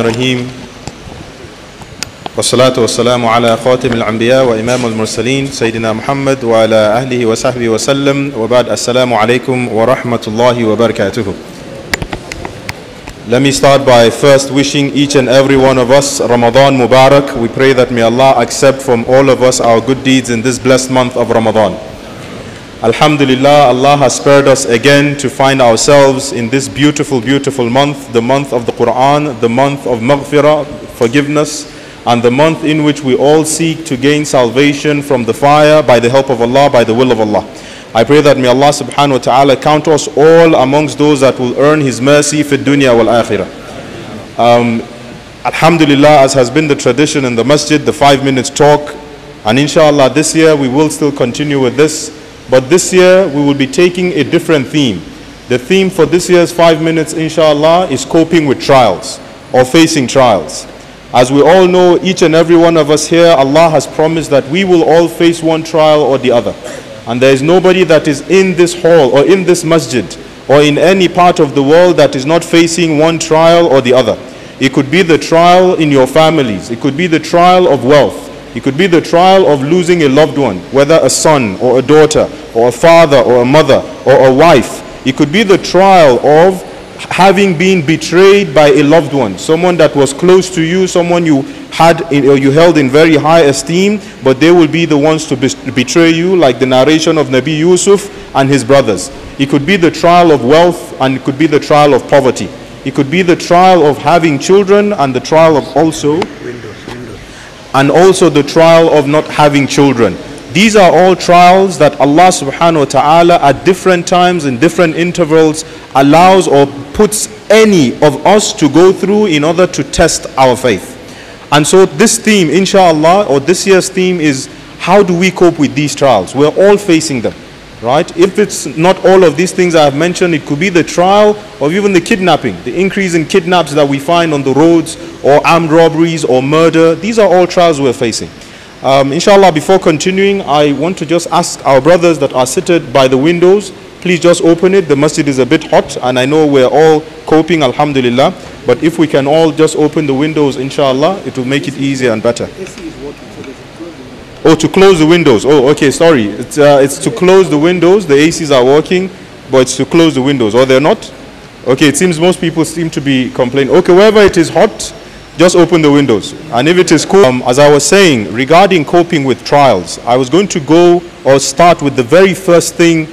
الرحيم والصلاة والسلام على خاتم الأنبياء وإمام المرسلين سيدنا محمد وعلى أهله وصحبه وسلم وبعد السلام عليكم ورحمة الله وبركاته Let me start by first wishing each and every one of us Ramadan Mubarak. We pray that may Allah accept from all of us our good deeds in this blessed month of Ramadan. Alhamdulillah, Allah has spared us again to find ourselves in this beautiful, beautiful month, the month of the Quran, the month of maghfirah, forgiveness, and the month in which we all seek to gain salvation from the fire by the help of Allah, by the will of Allah. I pray that may Allah subhanahu wa ta'ala count us all amongst those that will earn His mercy for dunya wal akhirah. Um, Alhamdulillah, as has been the tradition in the masjid, the five minutes talk. And inshallah, this year we will still continue with this. But this year, we will be taking a different theme. The theme for this year's five minutes, inshallah, is coping with trials or facing trials. As we all know, each and every one of us here, Allah has promised that we will all face one trial or the other. And there is nobody that is in this hall or in this masjid or in any part of the world that is not facing one trial or the other. It could be the trial in your families, it could be the trial of wealth, it could be the trial of losing a loved one, whether a son or a daughter or a father or a mother or a wife. It could be the trial of having been betrayed by a loved one, someone that was close to you, someone you had in, or you held in very high esteem, but they will be the ones to betray you, like the narration of Nabi Yusuf and his brothers. It could be the trial of wealth and it could be the trial of poverty. It could be the trial of having children and the trial of also windows, windows. and also the trial of not having children. These are all trials that Allah subhanahu wa ta'ala at different times in different intervals allows or puts any of us to go through in order to test our faith. And so this theme, inshallah, or this year's theme is how do we cope with these trials? We're all facing them, right? If it's not all of these things I have mentioned, it could be the trial or even the kidnapping, the increase in kidnaps that we find on the roads or armed robberies or murder. These are all trials we're facing. Um, inshallah, before continuing, I want to just ask our brothers that are seated by the windows, please just open it. The masjid is a bit hot, and I know we're all coping, alhamdulillah. But if we can all just open the windows, inshallah, it will make it easier and better. Oh, to close the windows. Oh, okay, sorry. It's, uh, it's to close the windows. The ACs are working, but it's to close the windows. Or they're not? Okay, it seems most people seem to be complaining. Okay, wherever it is hot, just open the windows. And if it is cool, um, as I was saying, regarding coping with trials, I was going to go or start with the very first thing,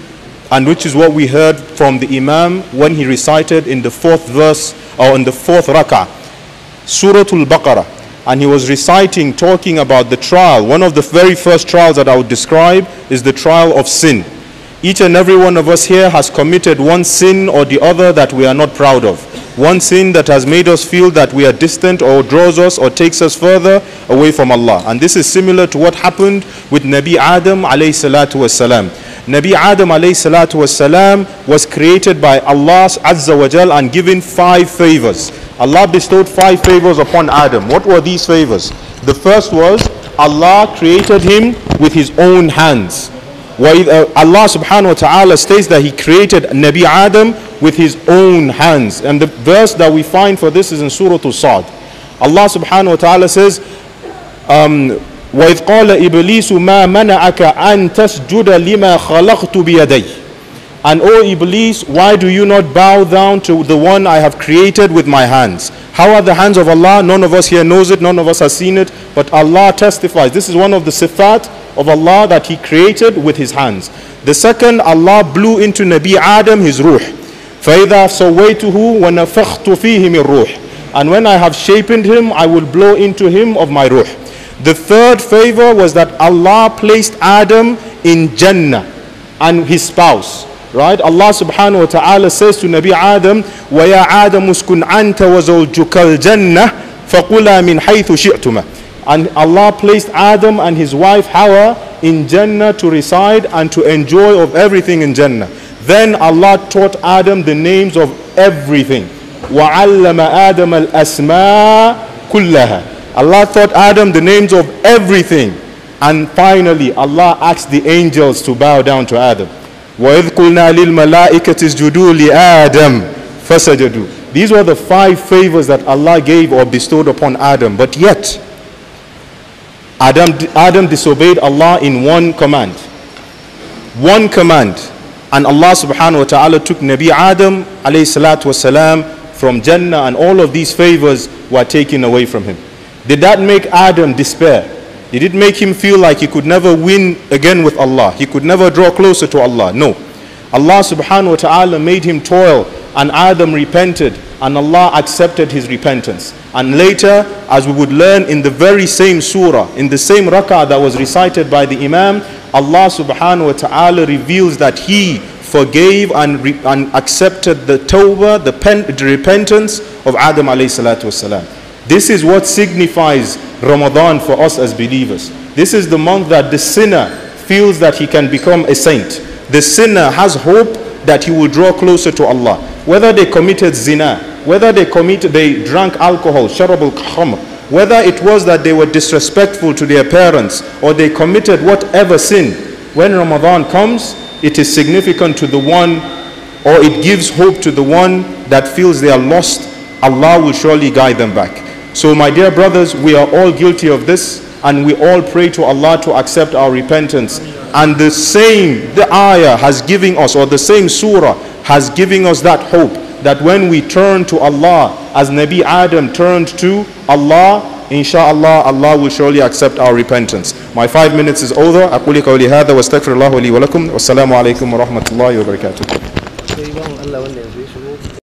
and which is what we heard from the Imam when he recited in the fourth verse or in the fourth rakah, Suratul Baqarah. And he was reciting, talking about the trial. One of the very first trials that I would describe is the trial of sin. Each and every one of us here has committed one sin or the other that we are not proud of one sin that has made us feel that we are distant or draws us or takes us further away from Allah. And this is similar to what happened with Nabi Adam alayhi salatu wasalam. Nabi Adam alayhi salatu wasalam was created by Allah azza wa jal and given five favors. Allah bestowed five favors upon Adam. What were these favors? The first was Allah created him with his own hands. Uh, Allah subhanahu wa ta'ala states that he created Nabi Adam with his own hands. And the verse that we find for this is in Surah Al-Sad. Allah subhanahu wa ta'ala says, um, وَإِذْ قَالَ إِبْلِيسُ مَا مَنَعَكَ أَن تَسْجُدَ لِمَا خَلَقْتُ بِيَدَيَّ and O Iblis, why do you not bow down to the one I have created with my hands? How are the hands of Allah? None of us here knows it, none of us has seen it, but Allah testifies. This is one of the sifat of Allah that He created with His hands. The second, Allah blew into Nabi Adam his ruh. فَإِذَا سَوَّيْتُهُ وَنَفَخْتُ فِيهِ مِنْ ruh. And when I have shapened him, I will blow into him of my ruh. The third favor was that Allah placed Adam in Jannah and his spouse. Right? Allah subhanahu wa ta'ala says to Nabi Adam, وَيَا عَادَ مُسْكُنَ عَنْتَ وَزَوْجُكَ الْجَنَّةِ فَقُلَا مِنْ حَيْثُ شِئْتُمَا and Allah placed Adam and his wife Hawa in Jannah to reside and to enjoy of everything in Jannah. Then Allah taught Adam the names of everything. وَعَلَّمَ آدَمَ الْأَسْمَاءَ كُلَّهَا Allah taught Adam the names of everything. And finally, Allah asked the angels to bow down to Adam. وَإِذْ قُلْنَا لِلْمَلَائِكَةِ اسْجُدُوا لِآدَمَ فَسَجَدُوا These were the five favors that Allah gave or bestowed upon Adam. But yet, Adam, Adam disobeyed Allah in one command. One command. And Allah subhanahu wa ta'ala took Nabi Adam alayhi salatu wasalam from Jannah and all of these favors were taken away from him. Did that make Adam despair? Did it make him feel like he could never win again with Allah? He could never draw closer to Allah? No. Allah subhanahu wa ta'ala made him toil and Adam repented and Allah accepted his repentance. And later, as we would learn in the very same surah, in the same rak'ah that was recited by the Imam, Allah subhanahu wa ta'ala reveals that he forgave and, and accepted the tawbah, the, the, repentance of Adam alayhi salatu wasalam. This is what signifies Ramadan for us as believers. This is the month that the sinner feels that he can become a saint. The sinner has hope that he will draw closer to Allah whether they committed zina, whether they commit, they drank alcohol, sharabul kham, whether it was that they were disrespectful to their parents or they committed whatever sin, when Ramadan comes, it is significant to the one or it gives hope to the one that feels they are lost. Allah will surely guide them back. So, my dear brothers, we are all guilty of this and we all pray to Allah to accept our repentance. And the same, the ayah has given us, or the same surah has given us that hope that when we turn to Allah, as Nabi Adam turned to Allah, inshallah, Allah will surely accept our repentance. My five minutes is over. أقول قولي هذا واستغفر الله لي ولكم والسلام عليكم ورحمة الله وبركاته.